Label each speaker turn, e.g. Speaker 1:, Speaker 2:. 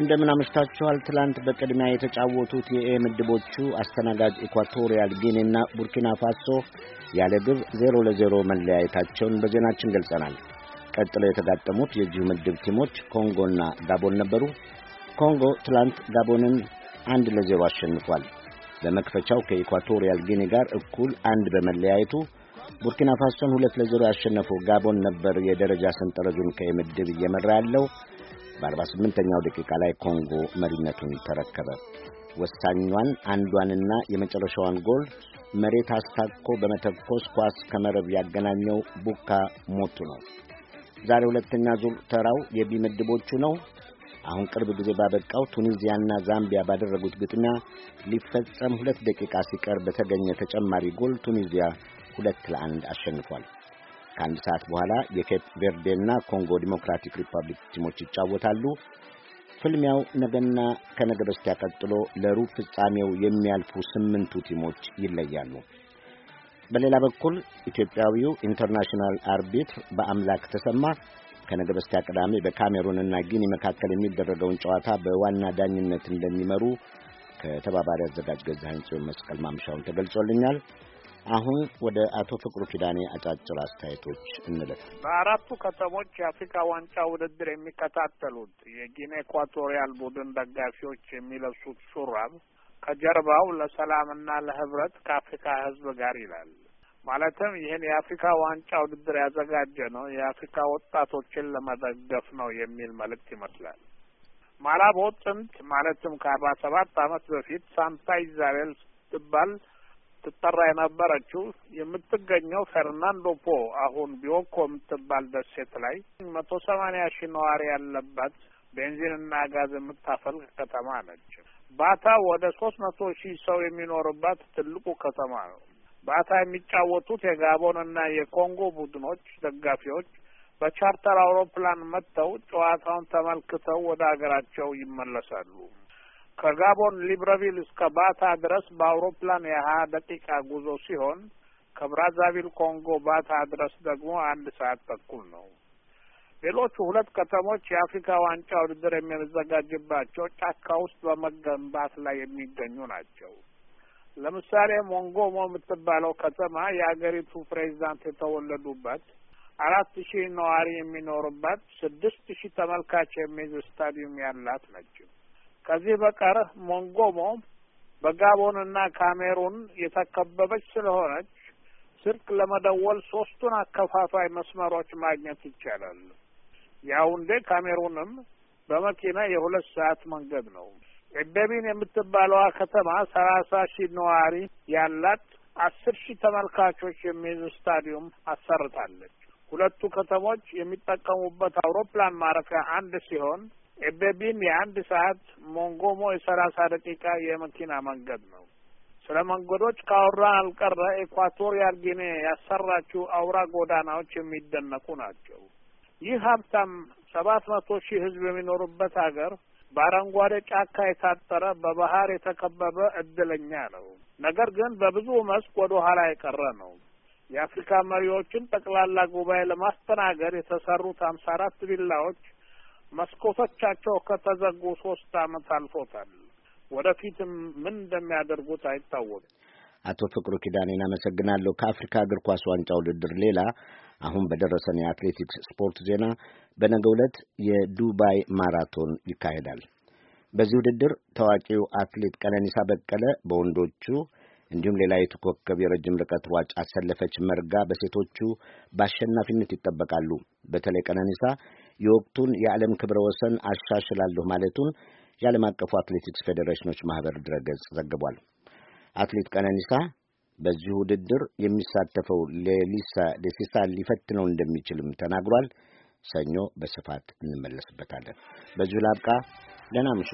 Speaker 1: እንደምን አመሽታችኋል። ትላንት በቅድሚያ የተጫወቱት የኤ ምድቦቹ አስተናጋጅ ኢኳቶሪያል ጊኔና ቡርኪና ፋሶ ያለ ግብ ዜሮ ለዜሮ መለያየታቸውን በዜናችን ገልጸናል። ቀጥለው የተጋጠሙት የዚሁ ምድብ ቲሞች ኮንጎና ጋቦን ነበሩ። ኮንጎ ትላንት ጋቦንን አንድ ለዜሮ አሸንፏል። በመክፈቻው ከኢኳቶሪያል ጊኒ ጋር እኩል አንድ በመለያየቱ ቡርኪና ፋሶን ሁለት ለዜሮ ያሸነፈው ጋቦን ነበር የደረጃ ሰንጠረዡን ከምድብ እየመራ ያለው። በ48ኛው ደቂቃ ላይ ኮንጎ መሪነቱን ተረከበ። ወሳኟን አንዷንና የመጨረሻዋን ጎል መሬት አስታኮ በመተኮስ ኳስ ከመረብ ያገናኘው ቡካ ሞቱ ነው። ዛሬ ሁለተኛ ዙር ተራው የቢ ምድቦቹ ነው። አሁን ቅርብ ጊዜ ባበቃው ቱኒዚያና ዛምቢያ ባደረጉት ግጥሚያ ሊፈጸም ሁለት ደቂቃ ሲቀር በተገኘ ተጨማሪ ጎል ቱኒዚያ ሁለት ለአንድ አሸንፏል። ከአንድ ሰዓት በኋላ የኬፕ ቬርዴና ኮንጎ ዲሞክራቲክ ሪፐብሊክ ቲሞች ይጫወታሉ። ፍልሚያው ነገና ከነገ በስቲያ ቀጥሎ ለሩብ ፍጻሜው የሚያልፉ ስምንቱ ቲሞች ይለያሉ። በሌላ በኩል ኢትዮጵያዊው ኢንተርናሽናል አርቢትር በአምላክ ተሰማ ከነገ በስቲያ ቅዳሜ በካሜሩንና ጊኒ መካከል የሚደረገውን ጨዋታ በዋና ዳኝነት እንደሚመሩ ከተባባሪ አዘጋጅ ገዛኸኝ ጽዮን መስቀል ማምሻውን ተገልጾልኛል። አሁን ወደ አቶ ፍቅሩ ኪዳኔ አጫጭር አስተያየቶች እንለፍ።
Speaker 2: በአራቱ ከተሞች የአፍሪካ ዋንጫ ውድድር የሚከታተሉት የጊኔ ኢኳቶሪያል ቡድን ደጋፊዎች የሚለብሱት ሹራብ ከጀርባው ለሰላምና ለህብረት ከአፍሪካ ህዝብ ጋር ይላል። ማለትም ይህን የአፍሪካ ዋንጫ ውድድር ያዘጋጀ ነው የአፍሪካ ወጣቶችን ለመደገፍ ነው የሚል መልእክት ይመስላል። ማላቦ ጥንት ማለትም ከአርባ ሰባት አመት በፊት ሳንታ ኢዛቤል ስትባል ትጠራ የነበረችው የምትገኘው ፌርናንዶ ፖ አሁን ቢዮኮ የምትባል ደሴት ላይ መቶ ሰማኒያ ሺህ ነዋሪ ያለባት ቤንዚንና ጋዝ የምታፈልቅ ከተማ ነች። ባታ ወደ ሶስት መቶ ሺህ ሰው የሚኖርባት ትልቁ ከተማ ነው። ባታ የሚጫወቱት የጋቦን እና የኮንጎ ቡድኖች ደጋፊዎች በቻርተር አውሮፕላን መጥተው ጨዋታውን ተመልክተው ወደ አገራቸው ይመለሳሉ። ከጋቦን ሊብረቪል እስከ ባታ ድረስ በአውሮፕላን የሀያ ደቂቃ ጉዞ ሲሆን ከብራዛቪል ኮንጎ ባታ ድረስ ደግሞ አንድ ሰዓት ተኩል ነው። ሌሎቹ ሁለት ከተሞች የአፍሪካ ዋንጫ ውድድር የሚዘጋጅባቸው ጫካ ውስጥ በመገንባት ላይ የሚገኙ ናቸው። ለምሳሌ ሞንጎሞ የምትባለው ከተማ የሀገሪቱ ፕሬዚዳንት የተወለዱበት አራት ሺህ ነዋሪ የሚኖሩበት ስድስት ሺህ ተመልካች የሚይዝ ስታዲየም ያላት ነች። ከዚህ በቀር ሞንጎሞ በጋቦንና ካሜሩን የተከበበች ስለሆነች ስልክ ለመደወል ሶስቱን አከፋፋይ መስመሮች ማግኘት ይቻላል። ያውንዴ ካሜሩንም በመኪና የሁለት ሰዓት መንገድ ነው። ዕደቢን የምትባለዋ ከተማ ሰላሳ ሺህ ነዋሪ ያላት አስር ሺህ ተመልካቾች የሚይዝ ስታዲየም አሰርታለች። ሁለቱ ከተሞች የሚጠቀሙበት አውሮፕላን ማረፊያ አንድ ሲሆን ኤቤቢም የአንድ ሰዓት ሞንጎሞ የሰላሳ ደቂቃ የመኪና መንገድ ነው። ስለ መንገዶች ካወራን አልቀረ ኢኳቶሪያል ጊኔ ያሰራችው አውራ ጎዳናዎች የሚደነቁ ናቸው። ይህ ሀብታም ሰባት መቶ ሺህ ህዝብ የሚኖሩበት ሀገር በአረንጓዴ ጫካ የታጠረ በባህር የተከበበ እድለኛ ነው። ነገር ግን በብዙ መስክ ወደ ኋላ የቀረ ነው። የአፍሪካ መሪዎችን ጠቅላላ ጉባኤ ለማስተናገድ የተሰሩት ሀምሳ አራት ቪላዎች መስኮቶቻቸው ከተዘጉ ሶስት አመት አልፎታል። ወደፊትም ምን እንደሚያደርጉት አይታወቅም።
Speaker 1: አቶ ፍቅሩ ኪዳኔን አመሰግናለሁ። ከአፍሪካ እግር ኳስ ዋንጫ ውድድር ሌላ አሁን በደረሰን የአትሌቲክስ ስፖርት ዜና በነገ ዕለት የዱባይ ማራቶን ይካሄዳል። በዚህ ውድድር ታዋቂው አትሌት ቀነኒሳ በቀለ በወንዶቹ እንዲሁም ሌላ ኮከብ የረጅም ርቀት ሯጭ አሰለፈች መርጋ በሴቶቹ በአሸናፊነት ይጠበቃሉ። በተለይ ቀነኒሳ የወቅቱን የዓለም ክብረ ወሰን አሻሽላለሁ ማለቱን የዓለም አቀፉ አትሌቲክስ ፌዴሬሽኖች ማኅበር ድረገጽ ዘግቧል። አትሌት ቀነኒሳ በዚህ ውድድር የሚሳተፈው ሌሊሳ ደሲሳ ሊፈትነው እንደሚችልም ተናግሯል። ሰኞ በስፋት እንመለስበታለን። በዚሁ ላብቃ። ደህና ምሹ።